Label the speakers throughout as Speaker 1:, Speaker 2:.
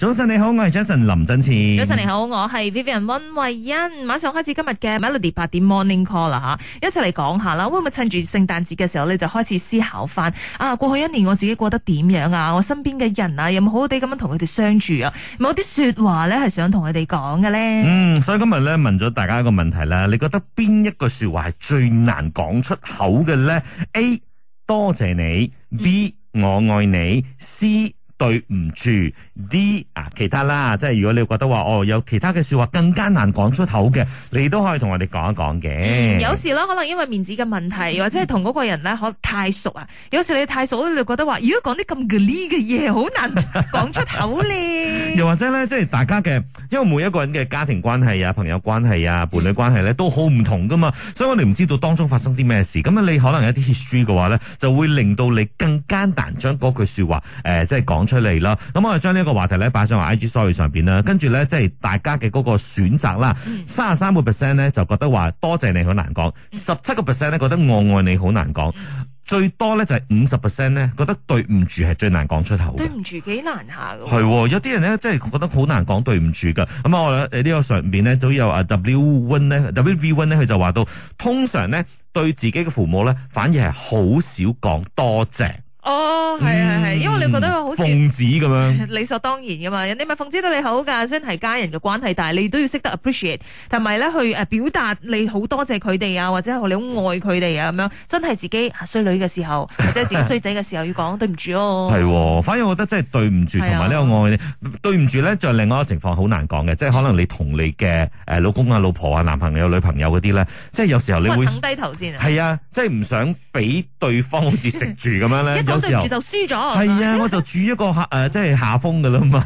Speaker 1: 早晨你好，我係 Jason 林振賜。早晨你好，
Speaker 2: 我係 Vivian 溫慧欣。馬上開始今日嘅 Melody 八點 Morning Call 啦吓，一齊嚟講下啦。會唔會趁住聖誕節嘅時候咧，你就開始思考翻啊？過去一年我自己過得點樣啊？我身邊嘅人啊，有冇好好地咁樣同佢哋相處啊？有冇啲說話咧，係想同佢哋講嘅咧？嗯，
Speaker 1: 所以今日咧問咗大家一個問題啦，你覺得邊一個說話係最難講出口嘅咧？A 多謝你，B 我愛你，C。對唔住啲啊，其他啦，即係如果你覺得話哦有其他嘅說話更加難講出口嘅，你都可以同我哋講一講嘅、嗯。有
Speaker 2: 時啦，可能因為面子嘅問題，或者係同嗰個人咧，嗯、可太熟啊。有時你太熟你就覺得話如果講啲咁嘅嘢，好、呃、難講出口咧。
Speaker 1: 又或者咧，即係大家嘅，因為每一個人嘅家庭關係啊、朋友關係啊、伴侶關係咧，都好唔同噶嘛，所以我哋唔知道當中發生啲咩事。咁啊，你可能有啲 history 嘅話咧，就會令到你更加難將嗰句說話誒、呃，即係講出嚟啦。咁我哋將呢個話題咧擺上 IG Story 上邊啦，跟住咧即係大家嘅嗰個選擇啦，三十三個 percent 咧就覺得話多謝,謝你好難講，十七個 percent 咧覺得我愛,愛你好難講。最多咧就係五十 percent 咧，覺得對唔住係最難講出口。
Speaker 2: 對唔住幾難下噶
Speaker 1: 係有啲人咧，真係覺得好難講對唔住噶。咁啊，我呢個上邊咧都有啊 W one 咧，W V one 咧，佢就話到通常咧對自己嘅父母咧，反而係好少講多謝。
Speaker 2: 哦，係係係，因為你覺得好似奉旨咁樣，理所當然噶嘛，人哋咪奉旨對你好噶，雖然係家人嘅關係，但係你都要識得 appreciate，同埋咧去誒表達你好多謝佢哋啊，或者你好愛佢哋啊咁樣，真係自己衰女嘅時候，或者自己衰仔嘅時候 要講對唔住哦。係、
Speaker 1: 哦，反而我覺得真係對唔住，同埋呢個愛，對唔住咧就另外一個情況好難講嘅，即係可能你同你嘅誒老公啊、老婆啊、男朋友、女朋友嗰啲咧，即係有時候你會低頭先啊。係啊，即係唔想俾對方好似食住咁樣咧。 對唔住就
Speaker 2: 輸咗，係 啊！
Speaker 1: 我就住一個下誒，即、呃、係、就是、下風噶啦嘛。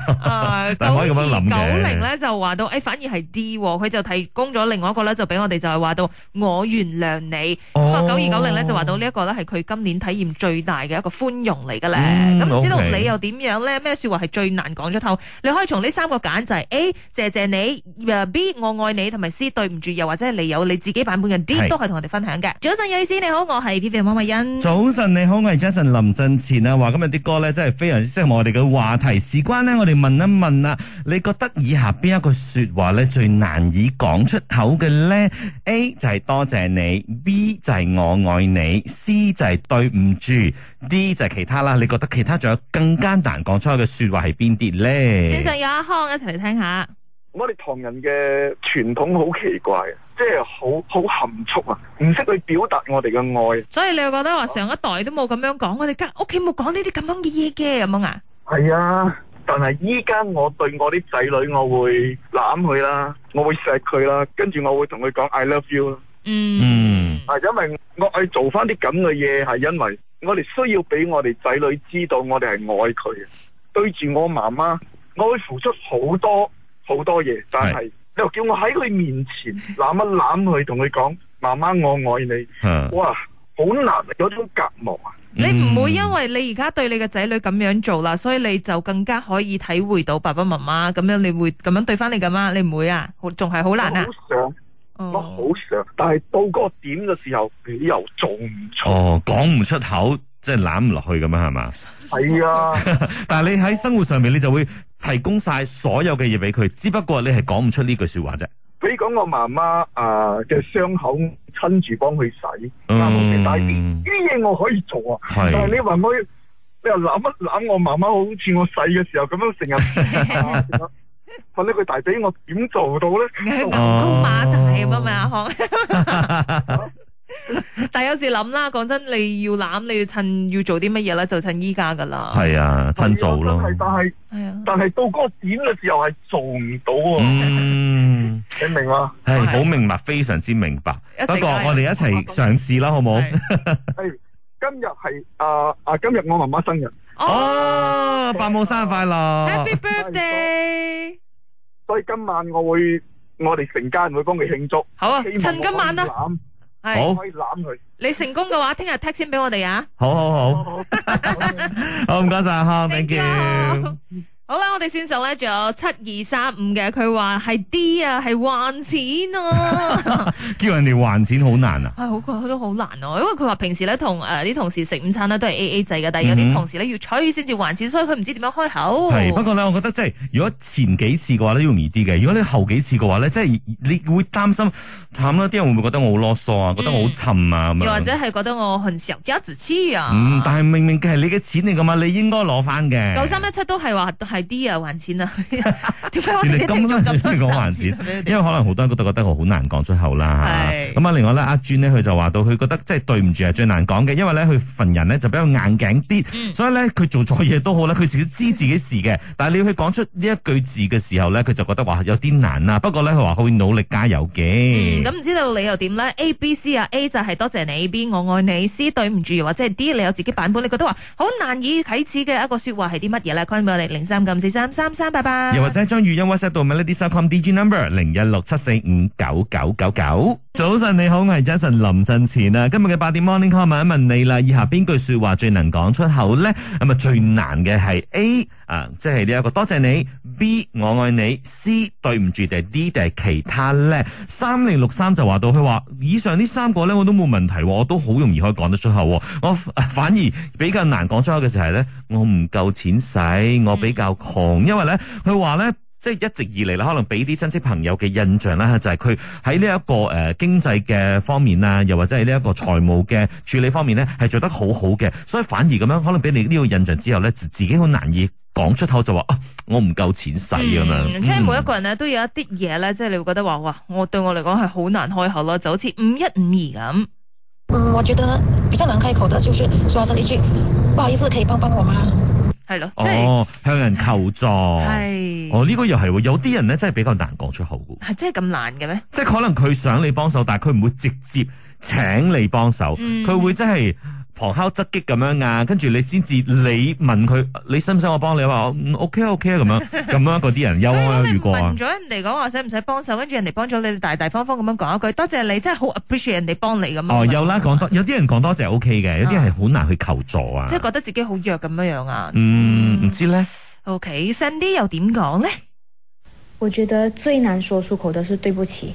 Speaker 3: 但， 可以咁樣諗嘅。九零咧
Speaker 2: 就話到誒、哎，反而係 D，佢、哦、就提供咗另外一個咧，就俾我哋就係話到我原諒你。哦，九二九零咧就話到呢一個咧係佢今年體驗最大嘅一個寬容嚟嘅咧。咁唔、嗯嗯、知道你又點樣咧？咩 okay. 說話係最難講出口？你可以從呢三個揀就係、是、A，謝謝你；，B，我愛你；，同埋 C，對唔住，又或者你有你自己版本嘅 D，是都係同我哋分享嘅。早晨，雅思你好，我係 P P R 馬慧欣。
Speaker 1: 早晨你好，我係 Jason 林。近前啊，話今日啲歌咧真係非常之適合我哋嘅話題。事關咧，我哋問一問啊：你覺得以下邊一句說話咧最難以講出口嘅咧？A 就係多謝你，B 就係我愛你，C 就係對唔住，D 就係其他啦。你覺得其他仲有更加難講出口嘅說話係邊啲咧？線
Speaker 2: 上有阿康，一齊嚟聽下。
Speaker 3: 我哋唐人嘅傳統好奇怪。即係好好含蓄啊，唔識去表達我哋嘅愛。
Speaker 2: 所以你又覺得話上一代都冇咁樣講，我哋家屋企冇講呢啲咁樣嘅嘢嘅，咁樣啊？係
Speaker 3: 啊，但係依家我對我啲仔女，我會攬佢啦，我會錫佢啦，跟住我會同佢講 I love you 啦。嗯，啊、嗯，因為我係做翻啲咁嘅嘢，係因為我哋需要俾我哋仔女知道我哋係愛佢嘅。對住我媽媽，我會付出好多好多嘢，但係。又叫我喺佢面前攬一攬佢，同佢講： 媽媽，我愛你。哇，好難，有種隔膜啊！你唔會因
Speaker 2: 為你而家對你嘅仔女咁樣做啦，所以你就更加可以體會到爸爸媽媽咁樣你會咁樣對翻你噶嗎？你唔會啊？好，仲係好難啊！好想，我好
Speaker 3: 想，但係到嗰個點嘅時候，你又做唔出，哦、講唔出口，
Speaker 1: 即係攬唔落去咁啊？係嘛？係啊， 但係你喺生活上面，你就會提供晒所有嘅嘢俾佢，只不過你係講唔出呢句說話啫。
Speaker 3: 比如講我媽媽啊嘅傷口，親住幫佢洗，啱唔啱？但係呢嘢我可以做啊，但係你話我你又攬一攬我媽媽，好似我細嘅時候咁樣成日，瞓呢佢大髀我點做到咧？牛高馬
Speaker 2: 大咁啊嘛，嗬！係、啊、有時諗啦，講真，你要攬，你要趁，要做啲乜嘢咧？就趁依家噶啦。係
Speaker 1: 啊，趁早咯。係
Speaker 3: 但係，係啊，但係、啊、到嗰個點嘅時候係做唔到啊。嗯，你明白嗎？係好
Speaker 1: 明白，非常之明白。一直 不過我哋一齊嘗試啦，好冇？係。今日係啊
Speaker 3: 啊！今日我媽媽生日。哦，伯、啊、母生日快樂！Happy birthday！所以今晚我會，我哋成家人會幫佢慶祝。好啊，趁今晚
Speaker 2: 啦。好，可以攬佢。你成功嘅話，聽日 take 先俾我哋啊！
Speaker 3: 好好好，
Speaker 1: 好唔該晒哈，thank you。
Speaker 2: 好啦，我哋先手咧，仲有七二三五嘅，佢話係啲啊，係還錢啊，
Speaker 1: 叫人哋還錢難，啊哎、好，
Speaker 2: 好，好難啊，係好佢都好難哦，因為佢話平時咧同誒啲同事食午餐咧都係 A A 制嘅，但係有啲同事咧要催先至還錢，所以佢唔知點樣開口。係不過
Speaker 1: 咧，我覺得即係如果前幾次嘅話都容易啲嘅，如果你後幾次嘅話咧，即係你會擔心，探多啲人會唔會覺得我好囉嗦啊，嗯、覺得我好沉啊，又或者
Speaker 2: 係覺得我很小家子氣啊？嗯，
Speaker 1: 但係明明係你嘅錢嚟噶嘛，你應該攞翻嘅。九
Speaker 2: 三一七都係話啲啊，還錢啊！點 解我哋咁樣講還錢？因為可
Speaker 1: 能好多人都覺得我好難講出口啦。咁是啊，另外咧，阿尊咧，佢就話到，佢覺得即係對唔住係最難講嘅，因為咧，佢份人咧就比較硬頸啲，嗯、所以咧，佢做錯嘢都好啦，佢自己知自己的事嘅。但係你要佢講出呢一句字嘅時候咧，佢就覺得話有啲難啦。不過咧，佢話佢會努力加油嘅。咁唔、
Speaker 2: 嗯嗯、知道你又點咧？A、B、C 啊，A 就係多謝你，B 我愛你，C 對唔住，或者 D 你有自己版本，你覺得話好難以啟齒嘅一個説話係啲乜嘢咧？撳四三三三，3，拜拜。又或
Speaker 1: 者將語音 WhatsApp 到 Melody dot com DJ number 零一六七四五九九九九。早晨你好，我係 Jason 林振前啊。今日嘅八點 Morning Call 問一問你啦，以下邊句說話最難講出口咧？咁啊最難嘅係 A。啊，即係呢一個多謝你。B 我愛你，C 對唔住定 D 定其他咧？三零六三就話到佢話，以上呢三個咧我都冇問題，我都好容易可以講得出口。我反而比較難講出口嘅就係咧，我唔夠錢使，我比較窮。因為咧，佢話咧，即係一直以嚟咧，可能俾啲親戚朋友嘅印象啦，就係佢喺呢一個誒、呃、經濟嘅方面啊，又或者係呢一個財務嘅處理方面咧，係做得好好嘅，所以反而咁樣可能俾你呢個印象之後咧，就自己好難以。講出口就話啊，我唔夠錢使咁樣，嗯嗯、即係每一
Speaker 2: 個人咧都有一啲嘢咧，即係、嗯、你會覺得話哇，我對我嚟講係好難開口咯，就好似五一五二咁。嗯，我覺得比較難開口嘅，就是說一句不好意思，可以幫幫我嗎？係咯，即、就、係、
Speaker 1: 是哦、向人求助。係 是，哦呢、這個又係，有啲人咧真係比較難講出口。
Speaker 2: 係真係咁難嘅咩？
Speaker 1: 即係可能佢想你幫手，但係佢唔會直接請你幫手，佢、嗯、會真係。旁敲、側擊咁樣啊，跟住你先至，你問佢你使唔使我幫你？話 O K O K 啊，咁樣咁樣，嗰啲人有冇遇過啊？問咗
Speaker 2: 人哋講話使唔使幫手，跟住人哋幫咗你，大大方方咁樣講一句，多謝你，真係好 appreciate 人哋幫你咁哦，樣有啦，
Speaker 1: 講多、嗯、有啲人講多謝 O K 嘅，有啲人係好難去求助啊，即係、啊就是、覺
Speaker 2: 得自己好弱咁樣樣啊，
Speaker 1: 嗯，唔知咧。
Speaker 2: O K Sandy 又點講咧？我覺得最難說出口的是對不起。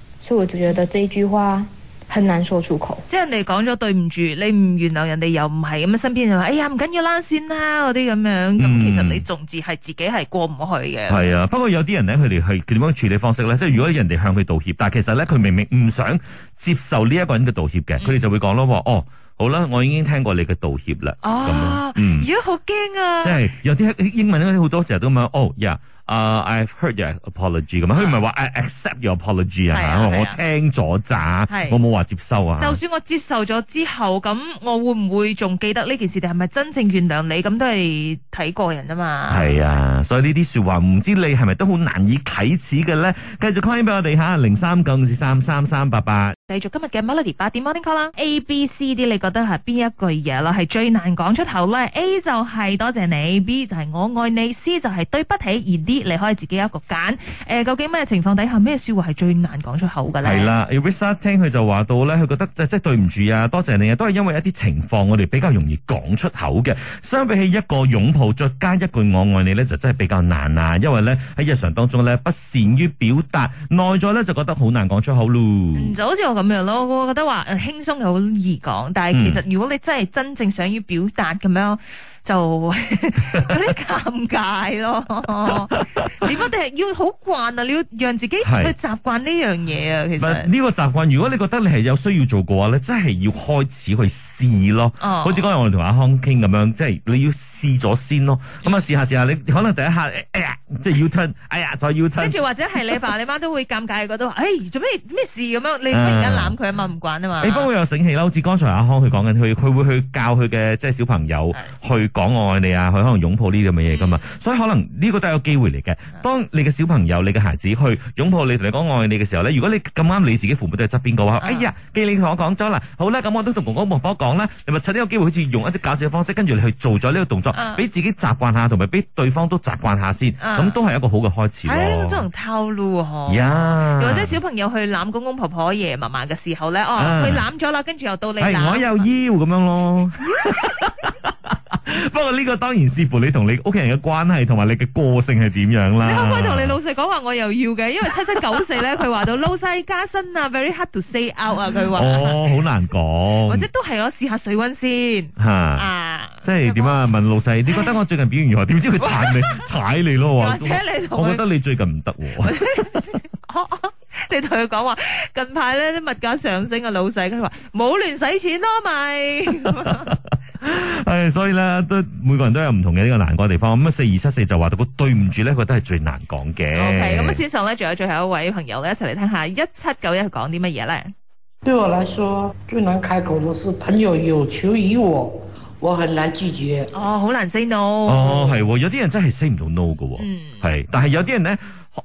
Speaker 2: 所以我就覺得這句話很難說出口，即係人哋講咗對唔住，你唔原諒人哋，人哋又唔係咁樣，身邊又話，哎呀唔緊要啦，算啦嗰啲咁樣。咁、嗯、其實你仲自係自己係過唔去嘅。係
Speaker 3: 啊，不過有
Speaker 1: 啲人咧，佢哋係點樣處理方式咧？嗯、即係如果人哋向佢道歉，但係其實咧，佢明明唔想接受呢一個人嘅道歉嘅，佢哋、嗯、就會講咯，哦，好啦，我已經聽過你嘅道歉啦。
Speaker 2: 啊，如果、嗯、好驚啊！即係
Speaker 1: 有啲英文好多時候都咁樣，哦 yeah, 啊、uh,，I've heard your apology 咁啊是，佢唔係話 I accept your apology 啊，啊啊我聽咗咋，啊、我冇話接收啊。就
Speaker 2: 算我接受咗之後，咁我會唔會仲記得呢件事？定係咪真正原諒你？咁都係睇個人啊嘛。係
Speaker 1: 啊，所以呢啲說話唔知你係咪都好難以啟齒嘅咧。繼續 call 俾我哋吓，零三九五三三三八八。
Speaker 2: 繼續今日嘅 Melody 八點 morning call 啦。A、B、C 啲你覺得係邊一句嘢啦？係最難講出口咧？A 就係多謝你，B 就係我愛你，C 就係對不起，而、D 你可以自己一個揀，誒、呃，究竟咩情況底下咩説話係最難講出口嘅
Speaker 1: 咧？係啦，Elisa 聽佢就話到咧，佢覺得即係、就是、對唔住啊，多謝你啊，都係因為一啲情況，我哋比較容易講出口嘅。相比起一個擁抱，再加一句我愛你咧，就真係比較難啊，因為咧喺日常當中咧不善於表達，內在咧就覺得好難講出口咯。
Speaker 2: 就好似我咁樣咯，我覺得話輕鬆又好易講，但係其實如果你真係真正想要表達咁樣。嗯就 有啲尷尬咯， 你一定係要好慣啊！你要讓自己去習慣呢樣嘢啊，是其實。
Speaker 1: 呢個習慣，如果你覺得你係有需要做嘅話咧，真係要開始去試咯。哦、好似剛才我哋同阿康傾咁樣，即係你要試咗先咯。咁啊試下試下，你可能第一下哎呀，即係要 turn， 哎呀再要 turn 跟住或者係你爸 你媽都會尷尬，
Speaker 2: 覺得話：哎，做咩咩事咁樣？你一攬佢啊嘛，唔慣啊嘛。你幫我
Speaker 1: 又醒氣啦，好似、啊欸、剛才阿康佢講緊，佢佢會去教佢嘅即係小朋友去。講愛你啊，佢可能擁抱呢啲咁嘅嘢噶嘛，嗯、所以可能呢個都係有機會嚟嘅。當你嘅小朋友、你嘅孩子去擁抱你，同你講愛你嘅時候咧，如果你咁啱你自己父母都係側邊嘅話，啊、哎呀，既然你同我講咗啦，好啦，咁我都同公公婆婆講啦，你咪趁呢個機會，好似用一啲搞笑嘅方式，跟住你去做咗呢個動作，俾、啊、自己習慣下，同埋俾對方習慣、啊、都習慣下先，咁都係一個好嘅開始。誒、哎，好多人
Speaker 2: 套又或者小朋友去攬公公婆婆、爺爺嫲嫲嘅時候咧，哦，佢攬咗啦，跟住又到你攬，我
Speaker 1: 又要咁樣咯。 不過呢個當然視乎你同你屋企人嘅關係，同埋你嘅個性係點樣啦。你可唔可以同你
Speaker 2: 老細講話，我又要嘅，因為七七九四咧，佢話 到老細加薪啊，very hard to say out 啊，佢話。哦，
Speaker 1: 好難講。或者
Speaker 2: 都係我試下水溫先。吓
Speaker 1: 啊，即係點啊？那個、問老細，你覺得我最近表現如何？點知佢彈你， 踩你咯？或者你同佢講，我覺得你最近唔得。
Speaker 2: 你同佢講話，近排咧啲物價上升嘅老細佢話冇亂使錢咯，咪。
Speaker 1: 係、 哎，所以咧，都每個人都有唔同嘅呢個難過嘅地方。咁啊，四二七四就話到個對唔住咧，佢都係最難講嘅。咁啊、okay，先
Speaker 2: 生咧，仲有最後一位朋友咧，一齊嚟聽下一七九一講啲乜嘢咧？對我
Speaker 1: 來說最難開口嘅是朋友有求於我，我很難拒絕。哦，
Speaker 2: 好難 say no。哦，係、
Speaker 1: 哦、有啲人真係 say 唔到 no 嘅。係、嗯，但係有啲人咧，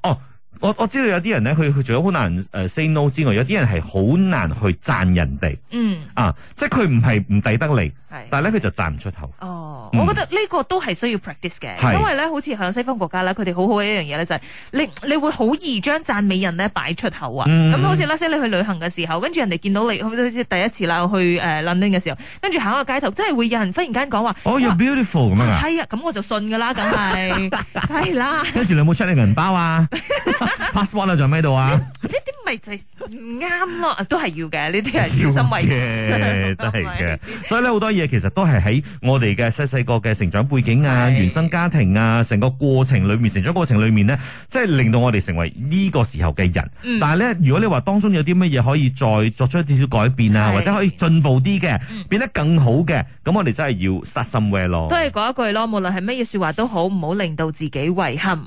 Speaker 1: 哦，我我知道有啲人咧，佢佢除咗好難誒 say no 之外，有啲人係好難去讚人哋。嗯，啊，即係佢唔係唔抵得嚟。但係咧，佢就讚唔出口。哦，
Speaker 2: 我覺得呢個都係需要 practice 嘅，因為咧，好似喺西方國家咧，佢哋好好嘅一樣嘢咧就係，你你會好易將讚美人咧擺出口啊。咁好似 l a 你去旅行嘅時候，跟住人哋見到你，好似第一次啦，去 London 嘅時候，跟住行個街頭，真係會有人忽然間講話，Oh you
Speaker 1: beautiful 咁啊。係
Speaker 2: 啊，咁我就信噶啦，梗係係啦。
Speaker 1: 跟住你有冇 check 你銀包啊 passport 啊，喺度啊？呢啲咪就唔啱
Speaker 2: 咯，都係要嘅，呢啲係小心為上，
Speaker 1: 真係嘅。所以咧，好多嘢。其實都係喺我哋嘅細細個嘅成長背景啊、是原生家庭啊、成個過程裏面，成長過程裏面呢，即係令到我哋成為呢個時候嘅人。嗯、但係呢，如果你話當中有啲乜嘢可以再作出啲少改變啊，是或者可以進步啲嘅，變得更好嘅，咁、嗯、我哋真係要刷心 w h 咯。都
Speaker 2: 係講一句咯，無論係乜嘢說話都好，唔好令到自己遺憾。